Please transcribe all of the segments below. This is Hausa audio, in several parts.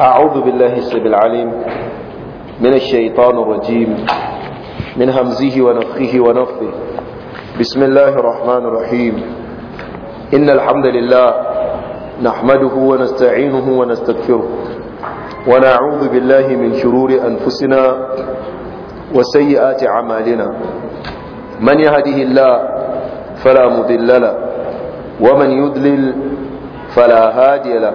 أعوذ بالله السب العليم من الشيطان الرجيم من همزه ونفخه ونفه بسم الله الرحمن الرحيم إن الحمد لله نحمده ونستعينه ونستغفره ونعوذ بالله من شرور أنفسنا وسيئات أعمالنا من يهده الله فلا مضلل له ومن يدلل فلا هادي له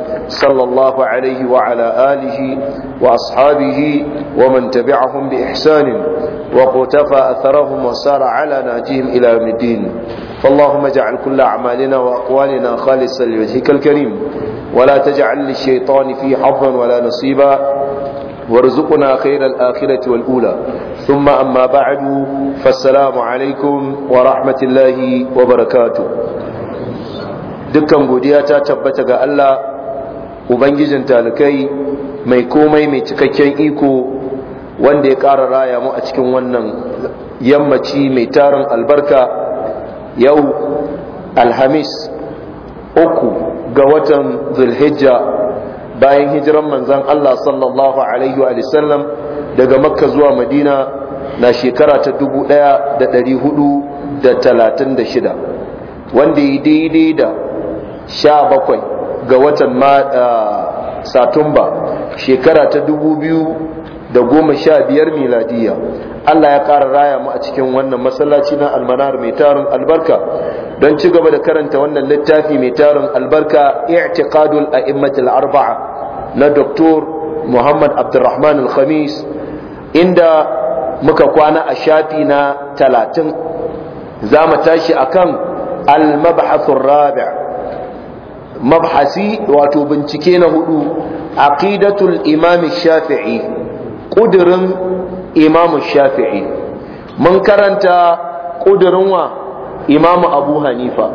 صلى الله عليه وعلى آله وأصحابه ومن تبعهم بإحسان وقتفى أثرهم وسار على ناجهم إلى يوم الدين فاللهم اجعل كل أعمالنا وأقوالنا خالصا لوجهك الكريم ولا تجعل للشيطان فيه حظا ولا نصيبا وارزقنا خير الآخرة والأولى ثم أما بعد فالسلام عليكم ورحمة الله وبركاته dukkan godiya ta tabbata ga Allah ubangijin talikai mai komai mai cikakken iko wanda ya ƙara raya mu a cikin wannan yammaci mai tarin albarka yau alhamis uku ga watan zulhijja bayan hijiran manzan Allah sallallahu alaihi wa sallam daga makka zuwa madina na shekara ta 1436 wanda ya daidai da sha bakwai ga watan ah, satumba shekara ta dubu biyu da goma sha biyar miladiya Allah ya ƙara raya mu a cikin wannan masallaci na almanar mai tarin albarka don ci gaba da karanta wannan littafi mai tarin albarka i'tiqadul a'immatul arba'a na doktor Muhammad Abdulrahman al-Khamis inda muka kwana a shafi na talatin za mu tashi akan al-mabhathur rabi' mabhasi wato bincike na hudu aqidatul imam shafi'i kudirin imam shafi'i mun karanta kudirin wa imam abu hanifa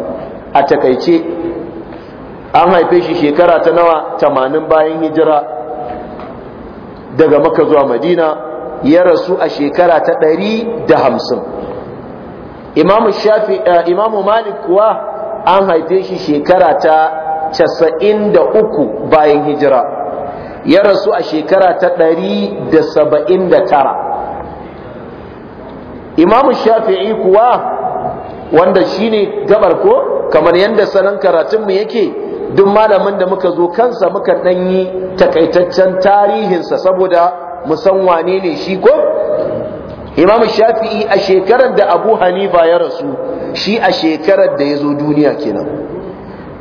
a takaice an haife shi shekara ta nawa tamanin bayan hijira daga maka zuwa madina ya rasu a shekara ta ɗari da hamsin imamu eh, malik kuwa an haife shi shekara ta casa'in da uku bayan hijira ya rasu a shekara ta ɗari da saba'in da tara imamu shafi'i kuwa wanda shi ne gabar ko kamar yadda sanan karatunmu yake duk malamin da muka zo kansa muka ɗanyi takaitaccen tarihinsa saboda musan wane ne shi ko imam shafi'i a shekarar da abu hanifa ya rasu shi a shekarar da ya zo duniya kenan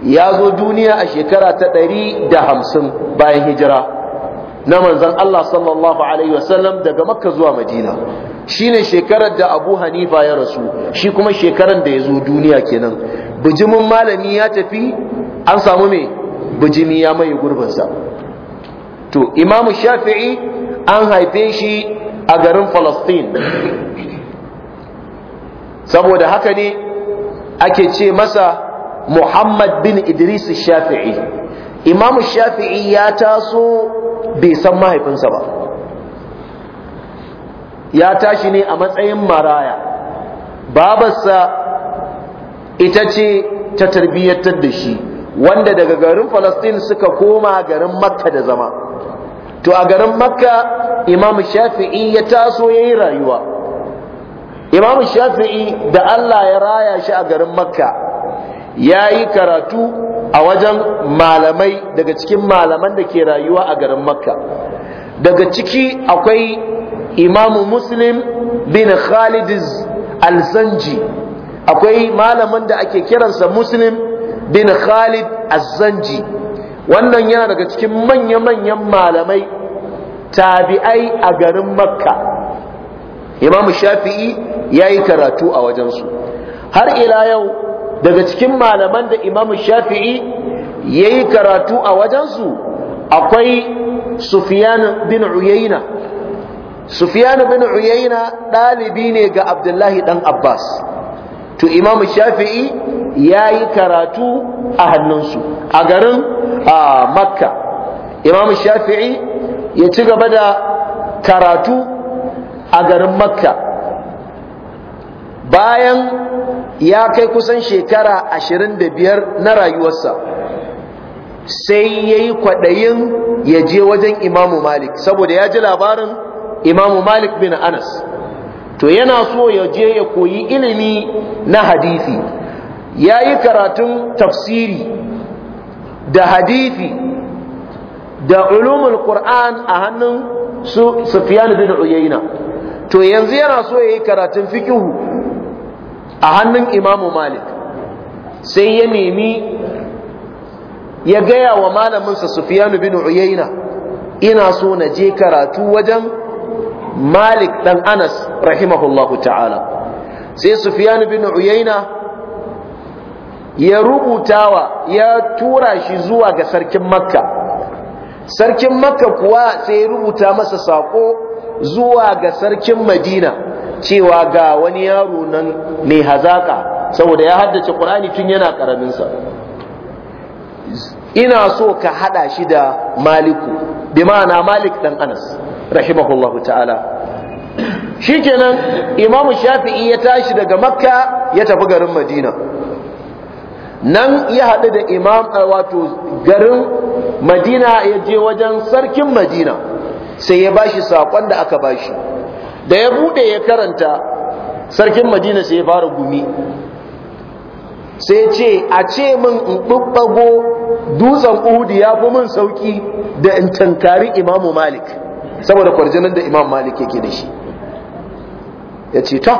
ya zo duniya a shekara ta ɗari da hamsin bayan hijira na manzan Allah sallallahu alaihi wasallam daga makka zuwa madina shi ne shekarar da abu hanifa ya rasu shi kuma shekarar da ya zo duniya kenan bijimin malami ya tafi an samu mai bijimi ya mai gurbinsa to imamu shafi'i an haife shi a garin falastin saboda haka ne ake ce masa Muhammad bin Idris Shafi'i Imam Shafi'i ya taso bai san mahaifinsa ba ya tashi ne a matsayin maraya babarsa ita ce ta tarbiyyar da shi wanda daga garin Falastin suka koma garin Makka da zama to a garin Makka Imam Shafi'i ya taso yayi rayuwa Imam Shafi'i da Allah ya raya shi a garin Makka ya yi karatu a wajen malamai daga cikin malaman da ke rayuwa a garin makka daga ciki akwai imamu muslim bin khalid al-zanji akwai malamin da ake kiransa muslim bin khalid al-zanji wannan yana daga cikin manya-manyan malamai tabi'ai a garin makka imamu shafi'i ya yi karatu a wajensu har ila yau daga cikin malaman da imamu shafi'i ya yi karatu a wajensu akwai sufiyan bin uyayna sufiyan bin uyayna ɗalibi ne ga abdullahi ɗan abbas to imamu shafi'i ya yi karatu a hannunsu a garin a makka imamu shafi'i ya ci gaba da karatu a garin makka bayan ya kai kusan shekara ashirin da biyar na rayuwarsa sai ya yi kwaɗayin ya je wajen imamu malik saboda ya ji labarin imamu malik bin anas to yana so ya je ya koyi ilimi na hadithi ya yi karatun tafsiri da hadithi da ulumul qur'an a hannun su sufyan bin uyayna to yanzu yana so ya yi karatun fikihu a hannun imamu malik sai ya nemi ya gaya wa malaminsa sufiyanu bin uyaina ina so na je karatu wajen malik dan anas rahimahullahu ta'ala sai sufiyanu bin uyaina ya rubutawa ya tura shi zuwa ga sarkin makka sarkin makka kuwa sai ya rubuta masa sako zuwa ga sarkin madina cewa ga wani yaro nan mai hazaka saboda ya haddace Qur'ani tun yana karamin sa ina so ka haɗa shi da Maliku bi ma'ana Malik dan Anas rahimahullahu ta'ala shikenan imamu Shafi'i ya tashi daga Makka ya tafi garin Madina nan ya haɗu da imam wato garin madina ya je wajen sarkin madina sai ya bashi saƙon da aka bashi da ya bude ya karanta sarkin madina sai ya fara gumi sai ce a ce min in ɓuɓɓago dutsen uhudu ya fi min sauki da in tankari imamu malik saboda kwarjinan da imam malik yake da shi ya ce ta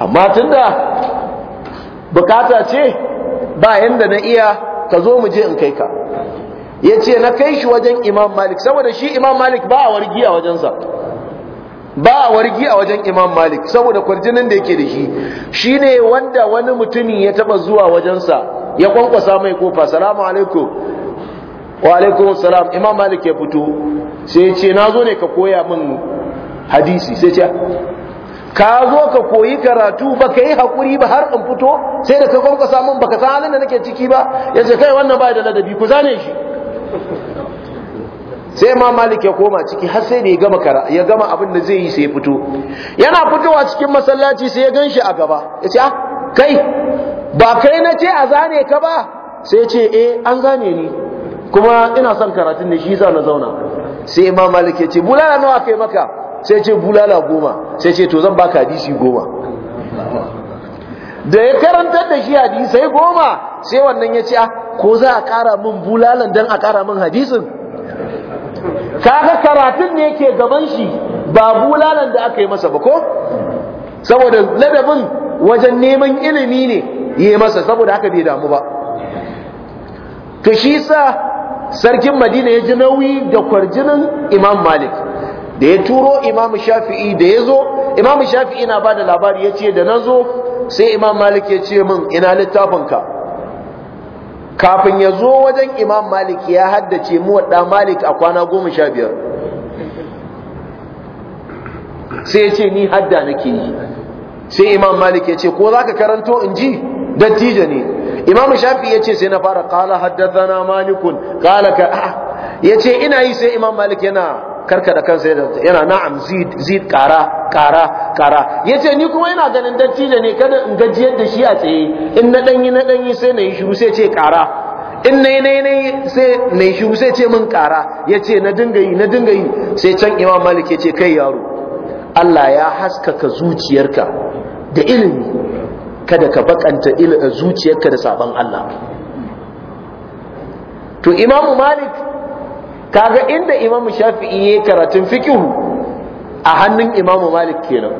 amma da bukata ce ba yadda na iya ka zo muje in kai ka ya ce na kai shi wajen imam malik saboda shi imam malik ba a wargi a wajensa ba a wargi a wajen imam malik saboda kwarjinin da yake da shi shi ne wanda wani mutumi ya taba zuwa wajensa ya kwankwasa mai kofa salamu alaikum wa alaikum salam imam malik ya fito sai ce na zo ne ka koya min hadisi sai ce ka zo ka koyi karatu ba ka yi haƙuri ba har in fito sai da ka kwankwasa min baka san halin da nake ciki ba ya kai wannan ba da ladabi ku zane shi sai ma malik ya koma ciki har sai da ya gama kara ya gama abin da zai yi sai ya fito yana fitowa cikin masallaci sai ya ganshi a gaba ya ce ah, kai ba kai na ce a zane ka ba sai ce eh an zane ni kuma ina son karatun da shi yasa na zauna sai ma malik ya ce bulala nawa kai maka sai ce bulala goma sai ce to zan baka hadisi goma da ya karantar da shi hadisai goma sai wannan ya ce ah, ko za a kara min bulalan dan a kara min hadisin kaga karatun ne yake gaban shi ba bulalan da aka yi masa ba ko saboda ladabin wajen neman ilimi ne yi masa saboda haka bai damu ba to shi sa sarkin madina ya ji nauyi da kwarjinin imam malik da ya turo imam shafi'i da ya zo imam shafi'i na ba da labari ya ce da na zo sai imam malik ya ce min ina littafinka kafin ya zo wajen imam malik ya haddace muwadda malik a kwana goma sha biyar sai ya ce ni hadda nake yi sai imam malik ya ce ko za ka karanto in ji dattijo ne imam shafi ya ce sai na fara kala haddazana malikun kala ka ah. ya ce ina yi sai imam malik yana Karkaɗa kansa yana na'am zid zid kara kara kara yace ni kuma ina ganin dattijo ne kada in gajiyar da shi a tsaye in na danyi na danyi sai na yi shiru sai ce kara in na yi na yi sai na yi shiru sai ce min kara yace na dinga yi na dinga yi sai can imam malik yace kai yaro Allah ya haskaka zuciyarka da ilimi kada ka bakanta zuciyarka da sabon Allah to imamu malik kaga inda imam shafi'i ya karatun fikihu a hannun imam malik kenan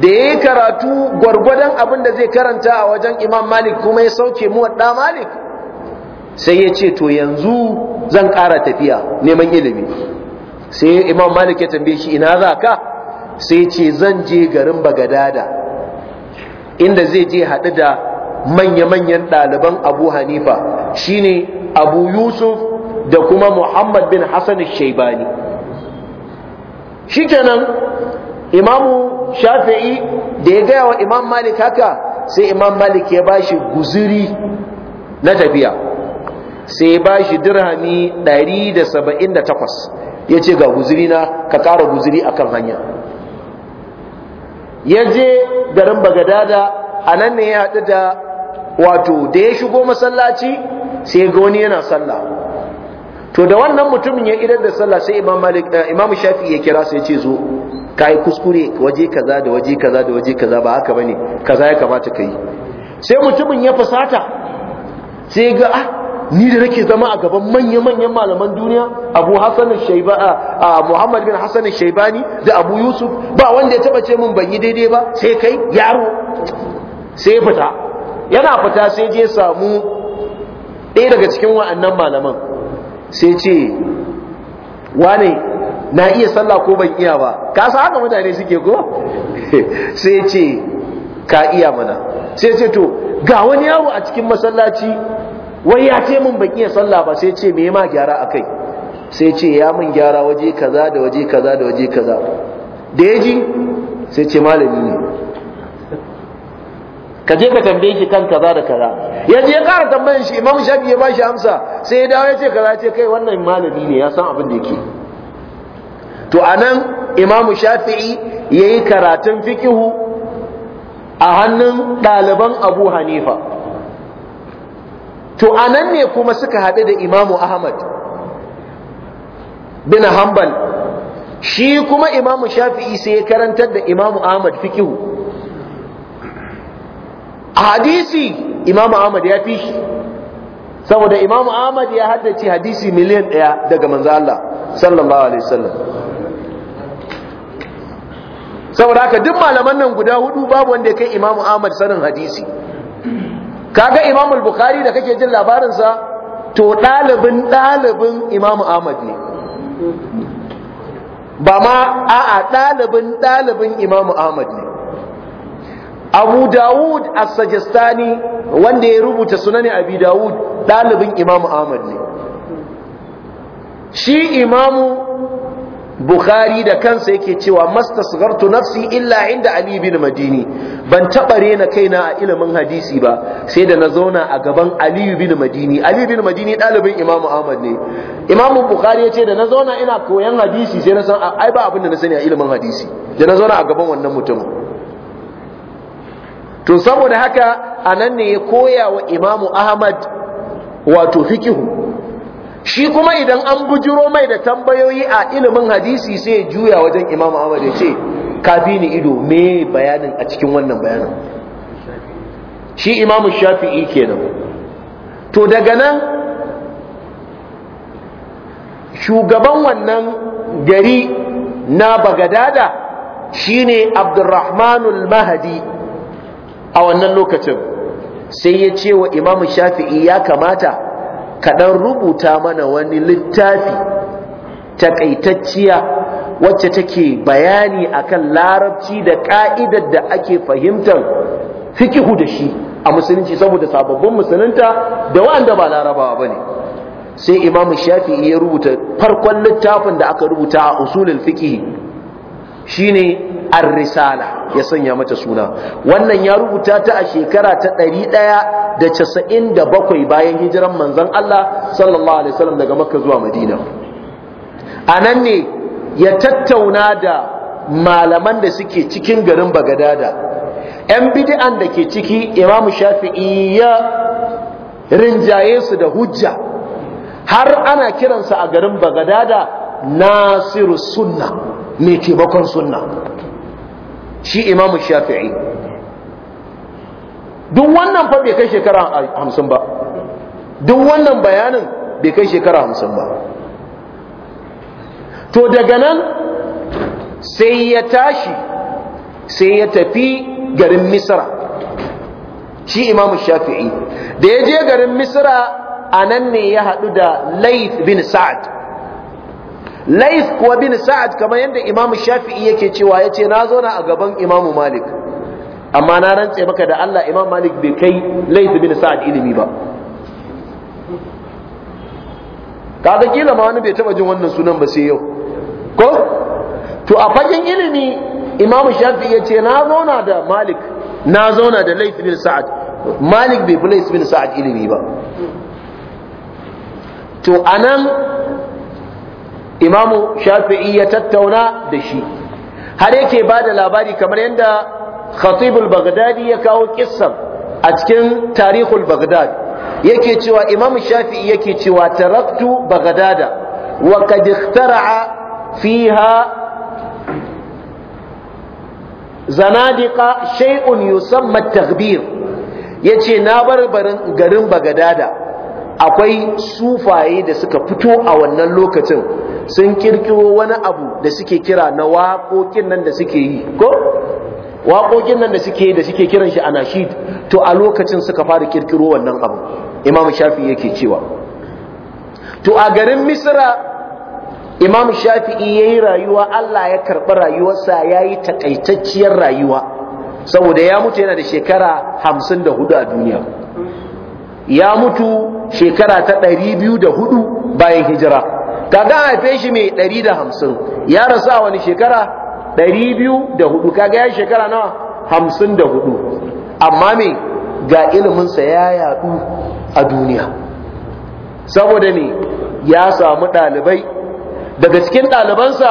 da ya karatu gwargwadon abin da zai karanta a wajen imam malik kuma ya sauke mu da malik sai ya ce to yanzu zan ƙara tafiya neman ilimi sai imam malik ya tambaye shi ina za ka sai ce zan je garin bagadada inda zai je haɗu da manya-manyan ɗaliban abu hanifa shine abu yusuf da kuma Muhammad bin Hassan Shaibani shikenan imamu shafi'i da ya gaya wa imam malik haka sai imam malik ya bashi guziri na tafiya sai ya bashi dirhami 178 ya ce ga guziri na ka ƙara guziri akan hanya ya je garin bagadada a nan ne ya haɗu da wato da ya shigo masallaci sai ga wani yana sallah to da wannan mutumin ya idan da sallah sai imam malik eh, imam shafi ya kira sai ya ce zo kai kuskure waje kaza da waje kaza da waje kaza ba haka bane kaza ya kamata kai sai mutumin ya fasata sai ga ah ni da nake zama a gaban manya-manyan malaman duniya abu hassan a ah, ah, muhammad bin hassan shaibani da abu yusuf ba wanda ya taba ce min ban yi daidai ba sai kai yaro sai fita yana fita sai je samu ɗaya daga cikin wa'annan malaman sai ce wane na iya sallah ko ban iya ba ka san haka mutane suke ko sai ce ka iya mana sai ce to ga wani yawo a cikin masallaci wai ya ce min ban iya sallah ba sai ce me ma gyara akai sai ce ya min gyara waje kaza da waje kaza da waje kaza da ya sai ce malami ne ka je ka tambaye shi kan kaza da kaza ya je ya ƙara tambayan shi imam shafi ya bashi amsa sai ya dawo ya ce kaza ce kai wannan malami ne ya san abin da yake to anan imam shafi'i yayi karatun fikihu a hannun ɗaliban abu hanifa to anan ne kuma suka haɗu da imamu ahmad bin hanbal shi kuma imamu shafi'i sai ya karantar da imamu ahmad fikihu a hadisi imamu ahmad ya fi shi saboda imamu ahmad ya haddace hadisi miliyan ɗaya daga manzo Allah sallallahu alaihi wasallam saboda haka duk malaman nan guda hudu babu wanda ya kai imamu ahmad sanin hadisi kaga imamu al-bukhari da kake jin labarinsa to ɗalibin ɗalibin imamu ahmad ne ba ma a'a ɗalibin ɗalibin imamu ahmad ne abu dawud as-sajistani wanda ya rubuta sunan abi dawud ɗalibin imamu ahmad ne shi imamu bukhari da kansa yake cewa mastasghartu nafsi illa inda ali bin madini ban taɓa rena kaina a ilimin hadisi ba sai da na zauna a gaban ali bin madini ali bin madini ɗalibin imamu ahmad ne imamu bukhari ya ce da na zauna ina koyan hadisi sai na san ai ba abin da na sani a ilimin hadisi da na zauna a gaban wannan mutumin to saboda haka a nan ne ya koya wa imamu ahmad wato fikihu shi kuma idan an bujiro mai da tambayoyi a ilimin hadisi sai ya juya wajen imamu ahmad ya ce bi ni ido me bayanin a cikin wannan bayanin shi imamu shafi'i kenan to daga nan shugaban wannan gari na bagadada shine abdurrahmanul mahadi a wannan lokacin sai ya ce wa imamu shafi'i ya kamata kaɗan rubuta mana wani littafi taƙaitacciya wacce take bayani akan larabci da ka'idar da ake fahimtar fikihu da shi a musulunci saboda sababbin musulunta da waɗanda ba larabawa ne. sai imamu shafi'i ya rubuta farkon littafin da aka rubuta a usulin shi shine ar-risala ya sanya mata suna wannan ya rubuta ta a shekara ta 197 bayan hijiran manzon Allah sallallahu alaihi wasallam daga Makka zuwa Madina anan ne ya tattauna da malaman da suke cikin garin Bagadada yan bid'an da ke ciki Imam Shafi'i ya rinjaye su da hujja har ana kiransa a garin Bagadada Nasiru Sunna mai taimakon sunna shi imamu shafi'i duk wannan fa bai kai shekara hamsin ba duk wannan bayanin bai kai shekara hamsin ba to daga nan sai ya tashi sai ya tafi garin misra shi imamu shafi'i da ya je garin misra a nan ne ya haɗu da laif bin sa'ad lais kuwa bin sa'ad kamar yadda imamu shafi'i yake cewa yace na zo na a gaban imamu malik amma na rantse maka da Allah imam malik bai kai laif bin sa'ad ilimi ba kaga kila ma wani bai taba jin wannan sunan ba sai yau ko to a fagen ilimi imam shafi'i ya ce na da malik na zauna da laif bin sa'ad malik bai fi laif bin sa'ad ilimi ba to anan imamu shafi'i ya tattauna da shi har yake ba da labari kamar yadda khatibul baghdadi ya kawo kissan a cikin tarihul baghdad yake cewa imamu shafi'i yake cewa taraktu baghdada wa kad ikhtara'a fiha zanadiqa shay'un yusamma at-taghbir yace na bar garin baghdada akwai sufaye da suka fito a wannan lokacin sun kirkiro wani abu da suke kira na waƙoƙin nan da suke yi ko waƙoƙin nan da suke yi da suke kiran shi anashid to a lokacin suka fara kirkiro wannan abu imam shafi yake cewa to a garin Misira imam shafi'i ya yi rayuwa allah ya karɓi rayuwarsa ya yi takaitacciyar rayuwa saboda ya mutu yana da shekara hamsin da hudu a duniya ya mutu shekara ta ɗari da hudu bayan hijira kaga haife shi mai hamsin ya rasu a wani shekara da hudu, kaga ya shekara nawa 54 amma mai ga iliminsa ya yaɗu a duniya saboda ne ya samu ɗalibai daga cikin ɗalibansa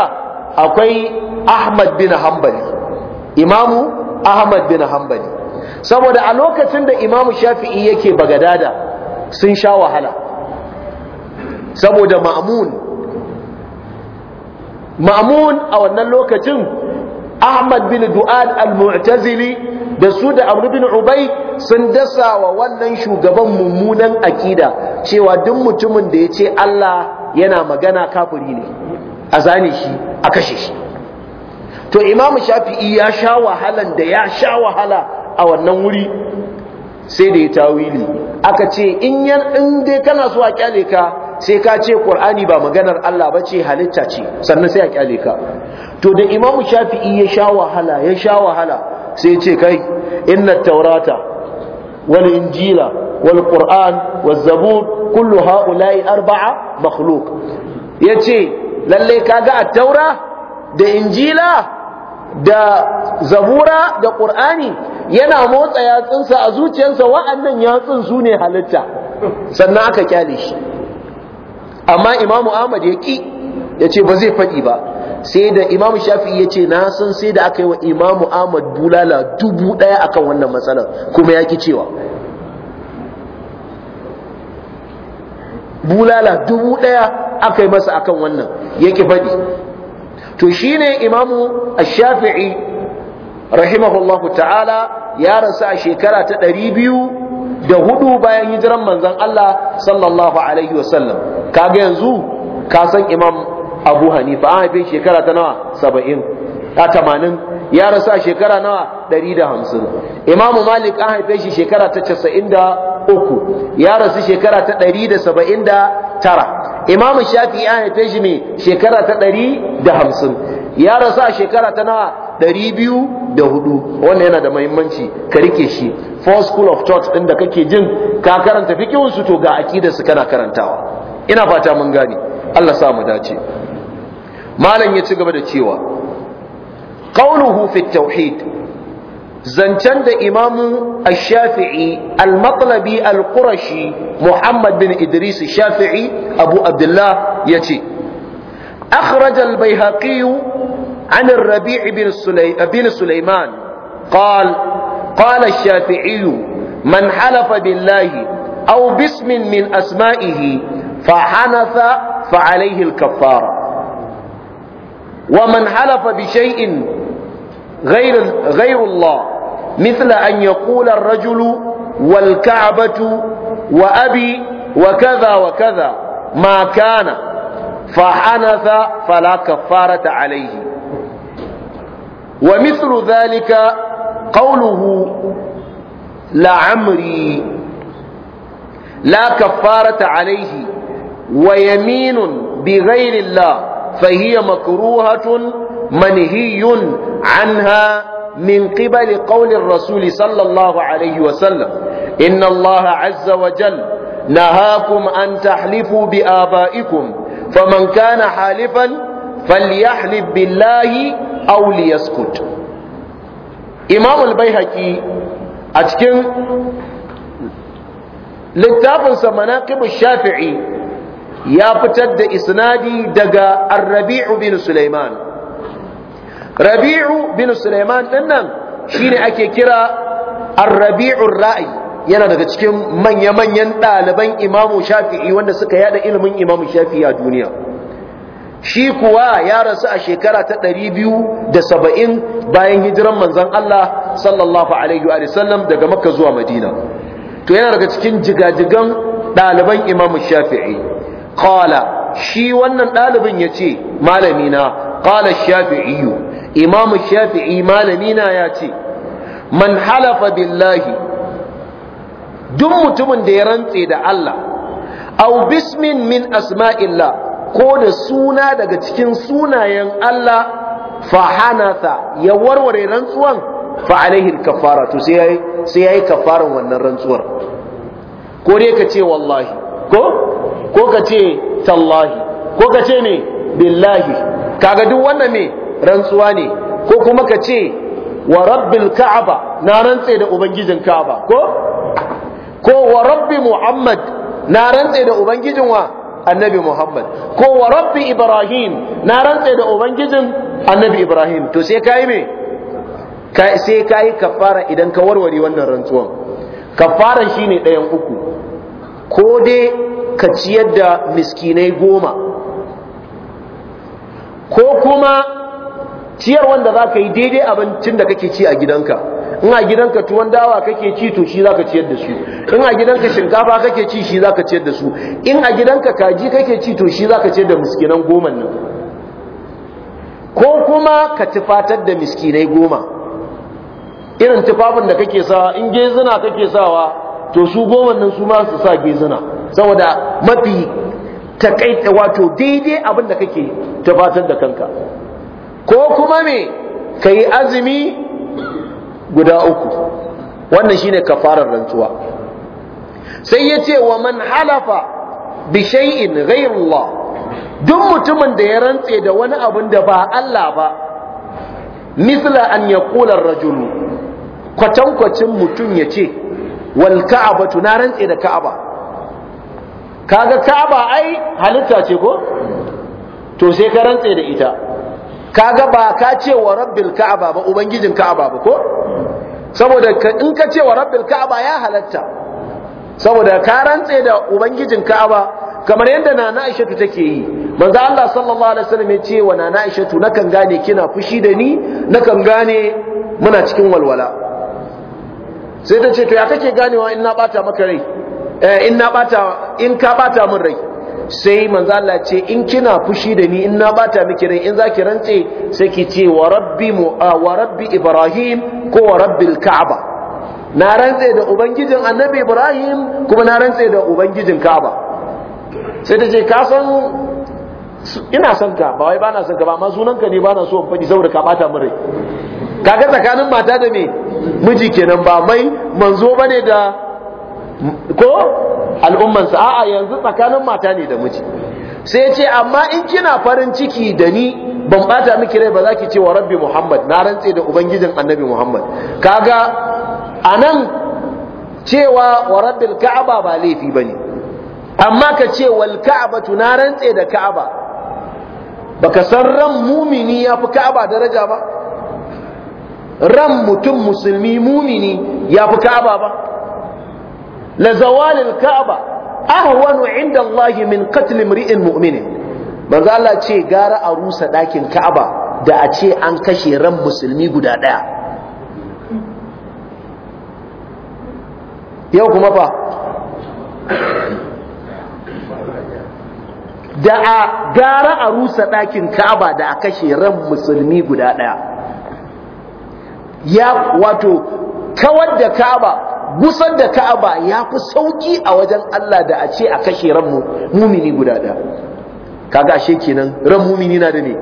akwai ahmad bin hambali imamu ahmad bin hambali saboda a lokacin da Imam shafi'i yake bagadada sun sha wahala saboda ma'amun ma'amun a wannan lokacin ahmad bin du'ad al-mu'tazili da su da amr bin ubai sun dasa wa wannan shugaban mummunan akida cewa duk mutumin da ya ce Allah yana magana kafuri ne a zane shi a kashe shi to imam shafi'i ya sha wahalan da ya sha wahala a wannan wuri sai da ya tawili aka ce in yan inda dai kana so a kyale ka sai ka ce qur'ani ba maganar Allah ba ce halitta ce sannan sai a kyale ka to da imam shafi'i ya sha wahala ya sha wahala sai ya ce kai inna taurata wal injila wal qur'an wal zabur kullu ha'ula'i arba'a makhluq yace lalle kaga at-taura da injila da zabura da qur'ani yana motsa yatsunsa a zuciyarsa wa'annan yatsun su ne halitta sannan aka kyale shi amma imamu ahmad ya ki ya ce ba zai faɗi ba sai da imamu shafi'i ya ce na san sai da aka yi wa imamu ahmad bulala dubu ɗaya akan wannan matsalar kuma ya ki cewa bulala dubu ɗaya aka yi masa akan wannan ya ki faɗi to shine imamu shafi'i rahimahullahu ta'ala ya rasu a shekara ta ɗari biyu da hudu bayan hijiran manzon Allah sallallahu alaihi wa wasallam kaga yanzu ka san imam abu hanifa an haife shekara ta nawa saba'in ta tamanin ya rasu a shekara nawa ɗari da hamsin imamu malik an haife shi shekara ta casa'in da uku ya rasu shekara ta ɗari da saba'in da tara imamu shafi an haife shi me shekara ta ɗari da hamsin ya rasu a shekara ta nawa biyu da hudu wannan yana da mahimmanci ka rike shi four school of thought din da kake jin ka karanta fikihun su to ga akidar su kana karantawa ina fata mun gane Allah sa mu dace malam ya ci gaba da cewa qawluhu fi tauhid zancen da imam al-shafi'i al-matlabi al-qurashi muhammad bin idris shafi'i abu abdullah ya ce akhraj عن الربيع بن, سلي... بن سليمان قال قال الشافعي من حلف بالله أو باسم من أسمائه فحنث فعليه الكفارة ومن حلف بشيء غير, غير الله مثل أن يقول الرجل والكعبة وأبي وكذا وكذا ما كان فحنث فلا كفارة عليه ومثل ذلك قوله لعمري لا كفارة عليه ويمين بغير الله فهي مكروهة منهي عنها من قبل قول الرسول صلى الله عليه وسلم إن الله عز وجل نهاكم أن تحلفوا بآبائكم فمن كان حالفا falyahlib billahi aw liyaskut imam al-baihaqi a cikin littafinsa manaqib shafii ya fitar da isnadi daga ar-rabi'u bin sulaiman rabi'u bin sulaiman dinnan shine ake kira ar-rabi'ur yana daga cikin manya-manyan ɗaliban imamu shafi'i wanda suka yada ilimin imam'n shafi'i a duniya shi kuwa ya rasu a shekara ta ɗari biyu da saba'in bayan hijiran manzon Allah sallallahu alaihi wa sallam daga makka zuwa madina to yana daga cikin jigajigan ɗaliban imamu shafi'i qala shi wannan ɗalibin ya ce malamina kala shafi'iyu imamu shafi'i malamina ya ce man halafa billahi duk mutumin da ya rantse da Allah au bismin min asma'illah ko da suna daga cikin sunayen Allah hanatha ya warware rantsuwan fa alaihi kafara to sai yayi sai yayi kafaran wannan rantsuwar ko dai ka ce wallahi ko ko ka ce tallahi ko ka ce ne billahi kaga duk wannan ne rantsuwa ne ko kuma ka ce wa rabbil ka'aba na rantse da ubangijin ka'aba ko ko wa rabbi muhammad na rantse da ubangijin wa annabi Muhammad ko wa rabbi Ibrahim na rantse da ubangijin annabi Ibrahim to sai kai me sai kai kafara idan ka warware wannan rantsuwan kafaran shine ɗayan uku ko dai ka ciyar da miskinai goma ko kuma ciyar wanda za ka yi daidai abincin da kake ci a gidanka in a gidanka tuwon dawa kake ci to shi zaka ciyar da su in a gidanka shinkafa kake ci shi zaka ciyar da su in a gidanka kaji kake ci to shi zaka ciyar da miskinan goma nan ko kuma ka tufatar da miskinai goma irin tufafin da kake sawa in gezina kake sawa to su goma nan su ma su sa gezina saboda mafi takaita wato daidai abin da kake tufatar da kanka ko kuma me ka yi azumi guda uku wannan shine kafarar rantsuwa sai ya ce wa man halafa bi shay'in ghayrullah duk mutumin da ya rantse da wani abun da ba Allah ba misla an yaqula ar-rajulu kwacin mutum ya ce wal ka'abatu na rantse da ka'aba kaga ka'aba ai halitta ce ko to sai ka rantse da ita kaga ba ka ce wa rabbil ka'aba ba ubangijin ka'aba ba ko saboda in ka ce wa rabbil ka'aba ya halatta saboda ka rantse da ubangijin ka'aba kamar yadda nana take yi manzo Allah sallallahu alaihi wasallam ya ce wa nana na nakan gane kina fushi da ni nakan gane muna cikin walwala sai ta ce to ya kake ganewa in na bata maka rai eh, in na bata in ka bata min rai sai Manzala ce in kina fushi da ni in na bata miki rai in zaki rantse sai ki ce wa rabbi mu wa rabbi ibrahim ko wa rabbil ka'aba na rantse da ubangijin annabi ibrahim kuma na rantse da ubangijin ka'aba sai ta ce ka san ina son ka ba wai bana son ka ba amma sunanka ne bana so in faɗi saboda ka bata mure. rai kaga tsakanin mata da me miji kenan ba mai manzo bane da ko al'ummansa a'a yanzu tsakanin mata ne da miji sai ce amma in kina farin ciki da ni ban bata miki rai ba za ki ce wa rabbi muhammad na rantse da ubangijin annabi muhammad kaga anan cewa wa rabbil ka'aba ba laifi bane amma ka ce wal ka'abatu na rantse da ka'aba baka san ran mumini fi ka'aba daraja ba ran mutum musulmi mumini fi ka'aba ba la zawalil ka'aba ahwanu inda Allah min qatl imri'in mu'minin manzo Allah ce gara a rusa dakin ka'aba da a ce an kashe ran musulmi guda daya yau kuma fa da a gara a rusa ɗakin ka'aba da a kashe ran musulmi guda ɗaya ya wato kawar da ka'aba gusar da ka'aba ya fi sauki a wajen Allah da a ce a kashe ran mumini guda ɗaya kaga ashe kenan ran mumini na da ne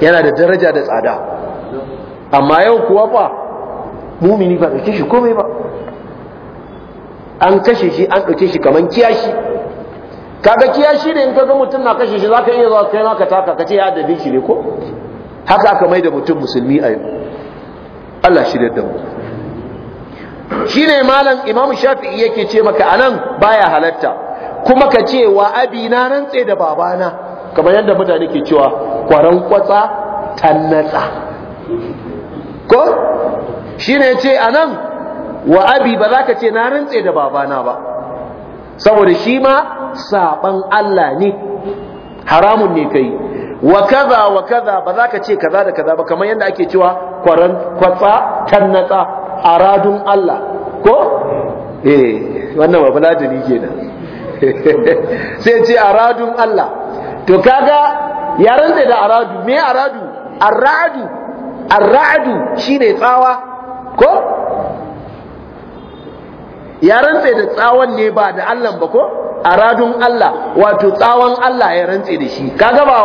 yana da daraja da tsada amma yau kuwa ba mumini ba ɗauke shi komai ba an kashe shi an ɗauke shi kaman kiyashi kaga kiyashi ne in ka ga mutum na kashe shi ka iya zuwa kai na ka taka ka ce ya addabi shi ne ko haka aka mai da mutum musulmi a yau Allah shirya da mu shine malam imam shafi'i yake ce maka anan baya halatta kuma ka ce wa abi na rantse da babana kamar yadda mutane ke cewa kwaran kwatsa tannatsa ko shine ce anan wa abi ba za ka ce na rantse da babana ba saboda shi ma saban Allah ne haramun ne kai wa kaza wa kaza ba za ka ce kaza da kaza ba kamar yadda ake cewa kwaran kwatsa tannatsa aradun Allah ko eh wannan ba fulatani kenan sai ce aradun Allah to kaga ya rantsa da aradu me aradu aradu aradu shine tsawa ko ya rantsa da tsawon ne ba da Allah ba ko aradun Allah wato tsawon Allah ya rantsa da shi kaga ba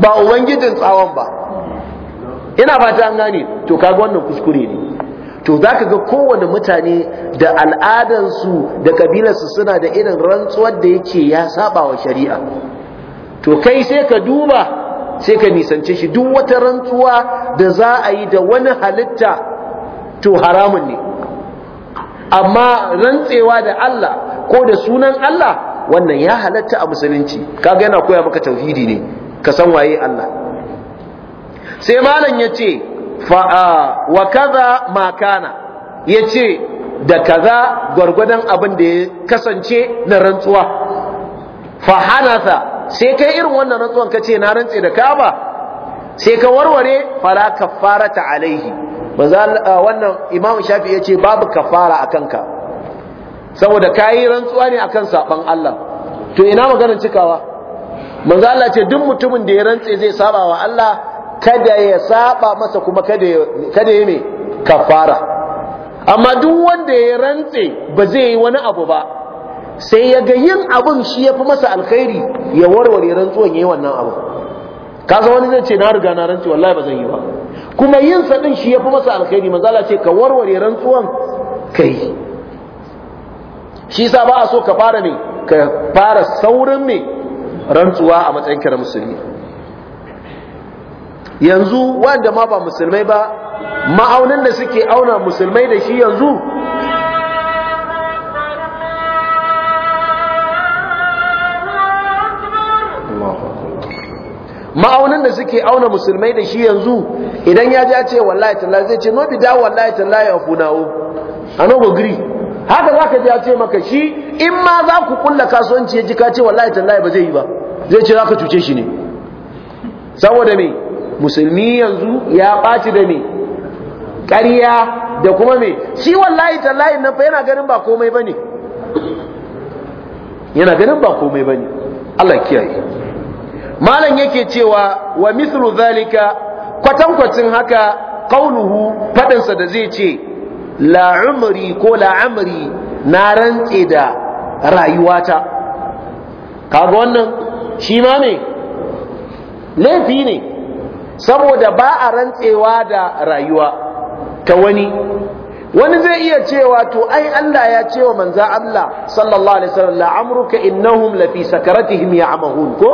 ba ubangijin tsawon ba ina fata an gane to kaga wannan kuskure ne to za ka ga kowane mutane da al'adansu da kabilarsu suna da irin rantsuwar da yake ya saba wa shari'a to kai sai ka duba sai ka nisance shi duk wata rantsuwa da za a yi da wani halitta to haramun ne amma rantsewa da Allah ko da sunan Allah wannan ya halatta a musulunci kaga yana koya maka tauhidi ne ka san waye Allah sai malam ya ce wa kaza Makana kana ya ce da kaza gwargwadon abin da ya kasance na rantsuwa fa hanasa sai kai irin wannan rantsuwan ka ce na rantse da kaba sai ka warware fala ta alaihi wannan imam shafi ya ce babu kafara a kanka saboda kayi rantsuwa ne akan saban Allah to ina maganar cikawa manzo Allah ce duk mutumin da ya rantse zai saba wa Allah kada ya saba masa kuma kada ya mai kafara amma duk wanda ya rantse ba zai yi wani abu ba sai ya ga yin abin shi ya fi masa alkhairi ya warware rantsuwan ya yi wannan abu kaza wani zai ce na riga na rantse wallahi ba zan yi ba kuma yin sa din shi ya fi masa alkhairi manzala ce ka warware rantsuwan kai shi sa ba a so ka fara ne ka fara saurin me rantsuwa a matsayin kira musulmi yanzu wanda ma ba musulmai ba ma'aunin da suke auna musulmai da shi yanzu ma'aunin da suke auna musulmai da shi yanzu idan ya ja ce wallahi tallahi zai ce no bi da wallahi tallahi a funawo a nan gogiri haka za ka ja ce maka shi in ma za ku kulla kasuwanci ya ji ka ce wallahi tallahi ba zai yi ba zai ce za ka cuce shi ne saboda me musulmi yanzu ya ɓaci da me ƙarya da kuma me shi wallahi tallahi nan fa yana ganin ba komai bane yana ganin ba komai bane Allah kiyaye malam yake cewa wa mithlu zalika kwatankwacin haka qauluhu fadin sa da zai ce la umri ko la amri na rantse da rayuwata kaga wannan shi ma ne laifi ne saboda ba a rantsewa da rayuwa ta wani wani zai iya cewa to ai Allah ya ce wa manzo Allah sallallahu alaihi wasallam la'amruka innahum lafi sakaratihim ya'mahun ko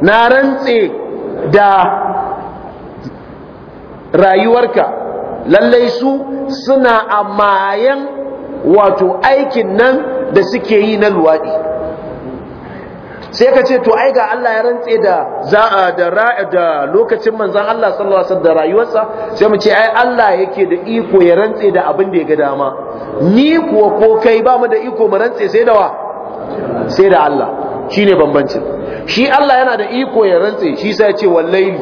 na rantse da rayuwarka lallai su suna amayan wato aikin nan da suke yi na luwaɗi sai ka ce to ai ga Allah ya rantse da za da da lokacin manzon Allah sallallahu alaihi wasallam da rayuwarsa sai mu ce ai Allah yake da iko ya rantse da abin da ya ga dama ni kuwa ko kai ba mu da iko mu rantse sai da wa sai da Allah shine bambancin shi Allah yana da iko ya rantse shi sai ya ce wallahi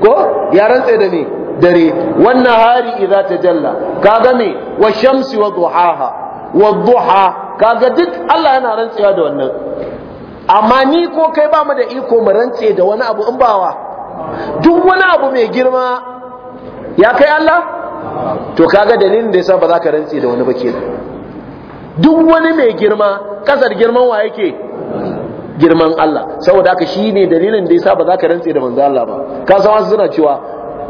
ko ya rantse da ni, dare wannan hari idza tajalla kaga me wa shamsi wa duhaha wa duha kaga duk Allah yana rantsewa da wannan amma ni ko kai ba mu da iko mu rantse da wani abu in bawa duk wani abu mai girma ya kai Allah to kaga dalilin da yasa ba za ka rantse da wani ba kenan duk wani mai girma kasar girman wa yake girman Allah saboda haka shine dalilin da yasa ba za ka rantse da manzo Allah ba ka san wasu suna cewa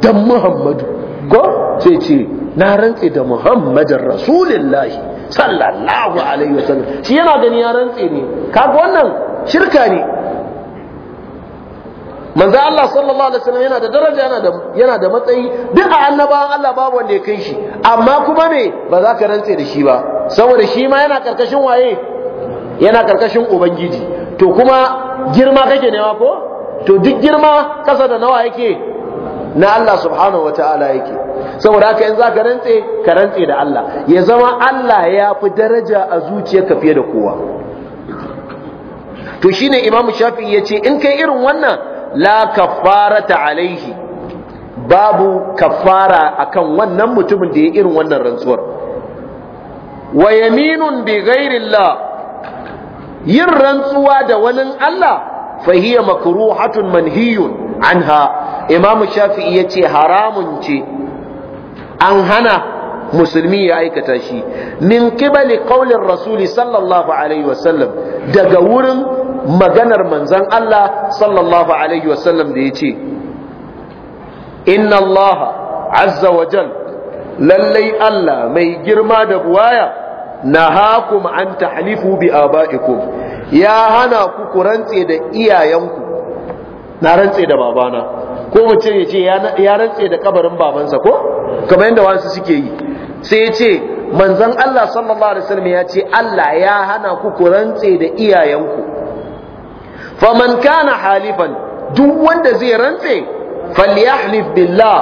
dan Muhammadu ko sai ce na rantse da Muhammadin Rasulullahi sallallahu alaihi wasallam shi yana gani ya rantse ne kaga wannan shirka ne manzo Allah sallallahu alaihi wasallam yana da daraja yana da yana da matsayi duk a annabawan Allah babu wanda ya kai shi amma kuma me ba za ka rantse da shi ba saboda shi ma yana karkashin waye yana karkashin ubangiji to kuma girma kake nema ko to duk girma kasa da nawa yake na Allah subhanahu wataala yake saboda haka in za ka rantse ka rantse da Allah ya zama Allah ya fi daraja a zuciyarka fiye da kowa to shine Imam Shafi'i yace in kai irin wannan la kafarata alaihi babu kafara akan wannan mutumin da ya irin wannan rantsuwar wa yaminun bi ghairillah yin rantsuwa da wani Allah fa hiya makruhatun manhiyun anha Imam Shafi'i yace haramun ce an hana musulmi ya aikata shi min qibali qaulir rasuli sallallahu alaihi wasallam daga wurin maganar manzan Allah sallallahu alaihi wasallam da yace inna Allah azza wa jal lallai Allah mai girma da buwaya nahakum an tahlifu bi abaikum ya hana ku ku rantse da iyayenku na rantse da babana ko ce ya ce ya rantse da kabarin babansa ko kamar yadda wasu suke yi sai ya ce manzon Allah sallallahu alaihi wasallam ya ce Allah ya hana ku ku rantse da iyayenku faman kana halifan duk wanda zai rantse falyahlif billah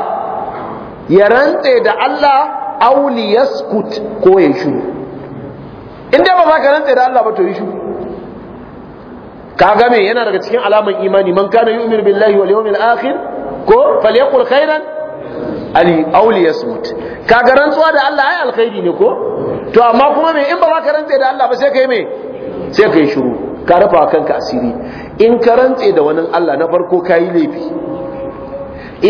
ya rantse da Allah aw liyaskut ko ya shiru in dai ba za ka rantse da Allah ba to yi shiru kaga me yana daga cikin alaman imani man kana yu'minu billahi wal yawmil akhir ko falyaqul khairan ali aw liyasmut kaga rantsuwa da Allah ai alkhairi ne ko to amma kuma me in ba za ka rantse da Allah ba sai kai me sai kai shiru ka rufa kanka asiri in ka rantse da wani Allah na farko ka yi laifi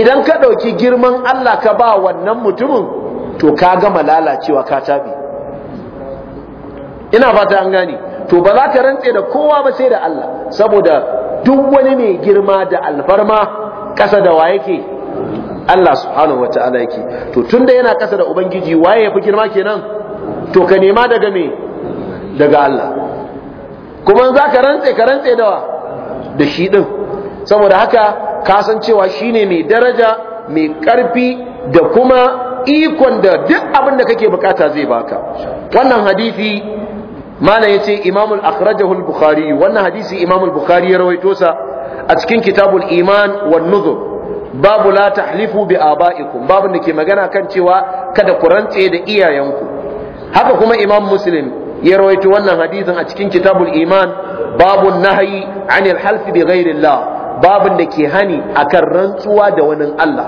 idan ka ɗauki girman Allah ka ba wannan mutumin to ka gama lalacewa ka tabi ina fata an gane to ba za ka rantse da kowa ba sai da Allah saboda duk wani mai girma da alfarma ƙasa da wa yake Allah subhanahu wata'ala yake to tunda yana ƙasa da ubangiji waye yafi girma kenan to ka nema daga me daga Allah kuma za ka rantse ka rantse da wa da shi ɗin? saboda haka kasancewa shi ne mai daraja mai ƙarfi, da kuma ikon da duk abin da kake bukata zai baka wannan hadisi mana ya ce imamul akhrajahul bukhari wannan hadisi imamul bukhari ya rawaito sa a cikin Kitabul Iman wan Nuzur babu la tahlifu bi abaikum babu da ke magana kan cewa kada ku rantse da iyayenku haka kuma Imam Muslim ya rawaito wannan hadisin a cikin Kitabul Iman babu nahyi anil halfi bi ghairillah babun da ke hani akan rantsuwa da wani Allah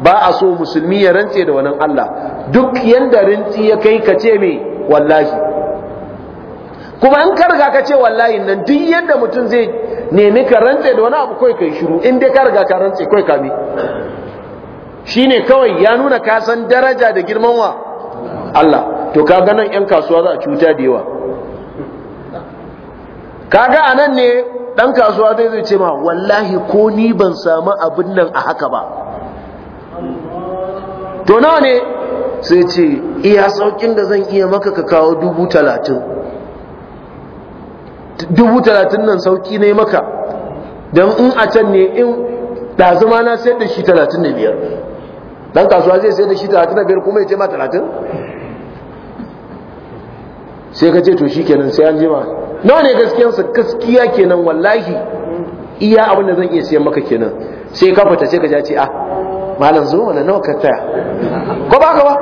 ba a so musulmi ya rantse da wani Allah duk yanda rantsi ya kai ka ce me wallahi kuma an ka riga ka ce wallahi nan duk yanda mutum zai nemi ka rantse da wani abu kai kai shiru in dai ka riga ka rantse kai ka bi shine kawai ya nuna ka san daraja da girman wa Allah to ka ga nan yan kasuwa za a cuta da yawa kaga anan ne dan kasuwa zai zai ce ma wallahi ko ni ban samu abin nan a haka ba to nawa ne sai ce iya saukin da zan iya maka ka kawo dubu talatin dubu talatin nan sauki ne maka don in a can ne in ɗazuma na sayar da shi talatin da biyar dan kasuwa zai sayar da shi talatin da biyar kuma ya ce ma talatin sai ka ce to shi kenan sai an jima nawa ne gaskiyarsa gaskiya kenan wallahi iya abin da zan iya siyan maka kenan sai ka fita sai ka ja a ah malam zo wannan nawa ka taya ko ba ka ba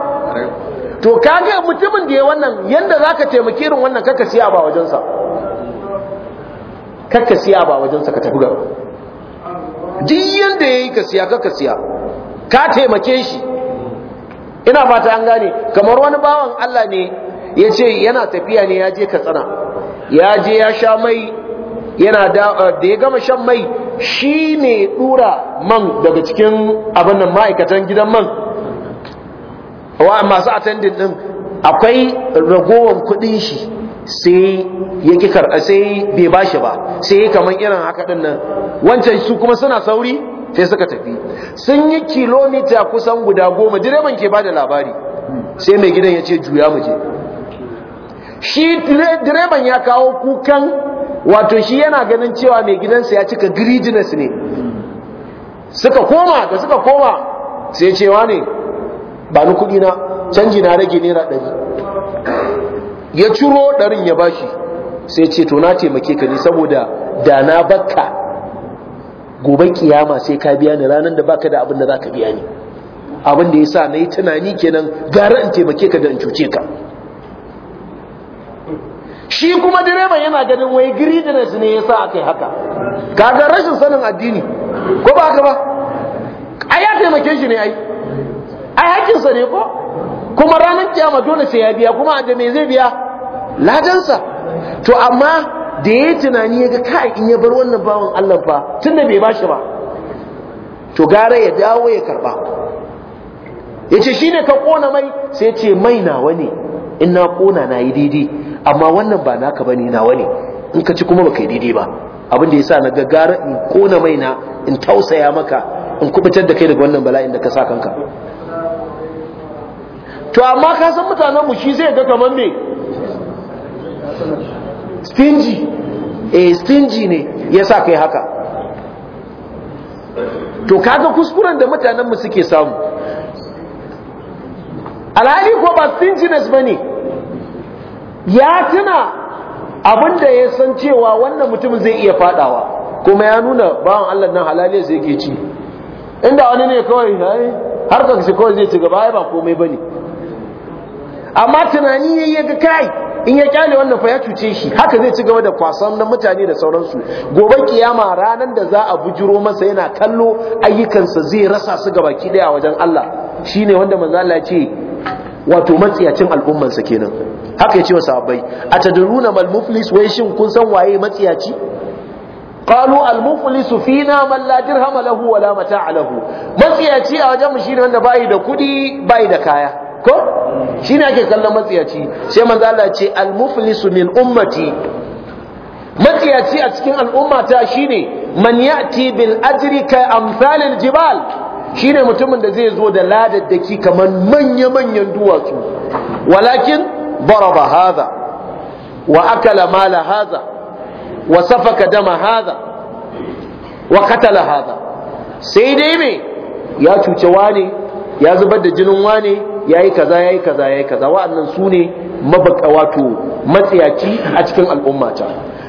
to ga mutumin da ya wannan yanda zaka taimake irin wannan ka siya ba wajen sa kaka siya ba wajen sa ka tafi gaba duk yanda yayi ka siya kaka siya ka taimake shi ina fata an gane kamar wani bawan Allah ne ya ce yana tafiya ne ya je Katsina ya je ya sha mai yana da eh, ya gama shan mai shi ne dura man daga cikin abin nan ma'aikatan gidan man wa masu attending din akwai ragowar kudin shi sai ya kikar eh, sai bai bashi ba sai kamar irin haka din nan wancan su kuma suna sauri sai suka tafi sun yi kilomita kusan guda goma direban ke ba da labari sai mai gidan ya ce juya mu je shi direban ya kawo kukan wato shi yana ganin cewa mai gidansa ya cika greediness ne suka koma da suka koma sai cewa ne ba ni kudi na canji na rage naira ɗari ya ciro ɗarin ya bashi sai ce to na taimake ka ne saboda da na bakka gobe kiyama sai ka biya ni ranar da baka da abin da za ka biya ni abin da ya sa na yi tunani kenan gara in taimake ka da in cuce ka shi kuma direba yana ganin wai greediness ne yasa aka yi haka kaga rashin sanin addini ko ba haka ba ai ya taimake shi ne ai ai sa ne ko kuma ranar kiyama dole sai ya biya kuma a me zai biya ladansa to amma da ya tunani ya ga kai in ya bar wannan bawan Allah fa tunda bai bashi ba to gara ya dawo ya karba yace shine ka kona mai sai ce mai nawa ne in na kona na yi daidai amma wannan ba naka bane nawa ne in ka ci kuma baka yi daidai ba abin da yasa na gaggara in kona mai na in tausaya maka in kubutar da kai daga wannan bala'in da ka sa kanka to amma ka san mutanen mu shi zai ga kaman me stingy eh stingy ne yasa kai haka to kaga kuskuren da mutanen mu suke samu alhali ko ba stinginess bane ya tuna abin da ya san cewa wannan mutum zai iya fadawa kuma ya nuna bawan Allah nan halale zai ke ci inda wani ne kawai har ka shi kawai zai ci gaba ba komai bane amma tunani yayi ga kai in ya kyale wannan fa ya cuce shi haka zai ci gaba da kwasan na mutane da sauransu gobe kiyama ranar da za a bujiro masa yana kallo ayyukansa zai rasa su gabaki daya wajen Allah shine wanda manzo Allah ya ce wato matsiyacin al'ummansa kenan haka ya ce wa sahabbai atadruna mal muflis wai shin kun san waye matsiyaci Kalu المفلس فينا من لا درهم له ولا متاع له matsiyaci a wajen mu shine wanda bai da kudi bai da kaya ko shine ake kallon matsiyaci sai manzo Allah ce al muflisu min ummati matsiyaci a cikin al'ummata shine man ya'ti bil ajri ka amsalil jibal Shi ne mutumin da zai zo da ladaddaki kamar manya-manyan duwatsu walakin daraba haza wa akala mala haza wa safaka dama haza wa qatala haza sai dai me ya cuce wane ya zubar da jinin wane ya yi kaza ya yi kaza ya yi kaza wa'annan su ne mabaka wato matsiyaci a cikin al'ummata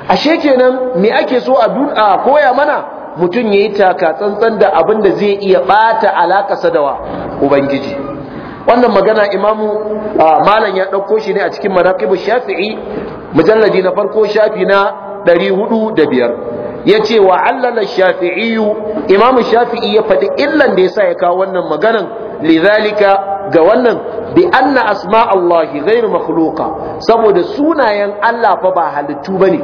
ashe kenan me ake so a koya mana mutum ya yi taka tsantsan da abin da zai iya ɓata alaka sadawa ubangiji wannan magana imamu malam ya ɗauko shi ne a cikin manaƙibu shafi'i mujalladi na farko shafi na ɗari hudu da biyar ya ce wa allala shafi'iyu imamu shafi'i ya faɗi illan da ya sa ya kawo wannan maganan lizalika ga wannan bi anna asma Allahi ghairu makhluqa saboda sunayen Allah fa ba halittu bane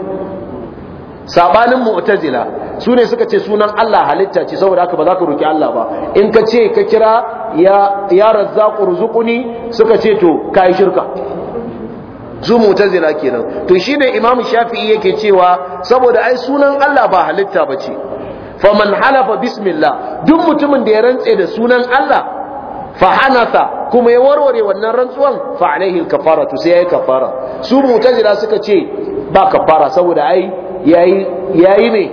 sabanin mu'tazila su ne suka ce sunan Allah halitta ce saboda haka ba za ka roki Allah ba in ka ce ka kira ya ya razzaqu ruzuquni suka ce to kai shirka su mu'tazila kenan to shine imamu shafi'i yake cewa saboda ai sunan Allah ba halitta bace faman halafa bismillah duk mutumin da ya rantse da sunan Allah fa hanatha kuma ya warware wannan rantsuwan fa alaihi kafaratu sai ya kafara su mu'tazila suka ce ba kafara saboda ai yayi ne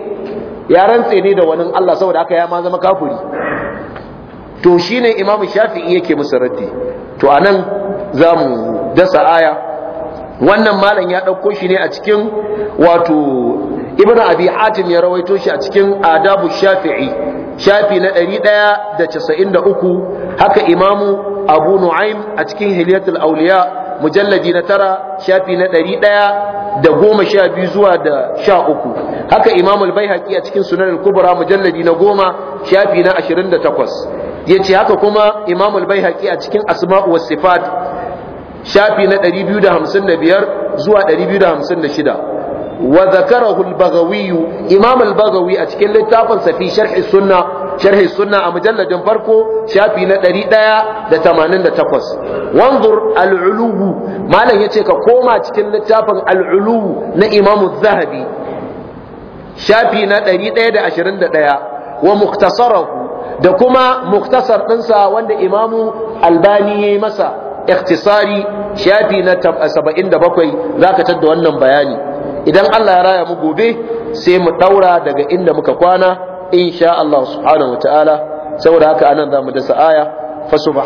ya rantse ne da wani Allah saboda aka ya ma zama kafiri to shine Imam Shafi'i yake musu raddi to anan zamu dasa aya wannan malam ya ɗauko shi ne a cikin wato Ibn Abi Hatim ya rawaito shi a cikin Adabu Shafi'i shafi na 193 haka imamu Abu Nu'aym a cikin Hilyatul Awliya mujalladi na tara shafi na ɗari ɗaya da goma sha biyu zuwa da sha uku haka imamul baihaqi a cikin sunan al-kubra mujalladi na goma shafi na ashirin da takwas ya ce haka kuma imamul baihaqi a cikin asma'u was sifat shafi na ɗari biyu da hamsin da biyar zuwa ɗari biyu da hamsin da shida wa zakarahu al a cikin littafin safi fi sunna sharhi sunna a mujalladin farko shafi na 188 wanzur al malam malam ce ka koma cikin littafin al na imamu zahabi shafi na 121 wa muktasarahu da kuma muktasar ɗinsa wanda imamu albani ya yi masa ikhtisari shafi na 77 za ka tadda wannan bayani idan Allah ya raya mu gobe sai mu ɗaura daga inda muka kwana insha Allah subhanahu wataala saboda haka anan zamu dasa aya fa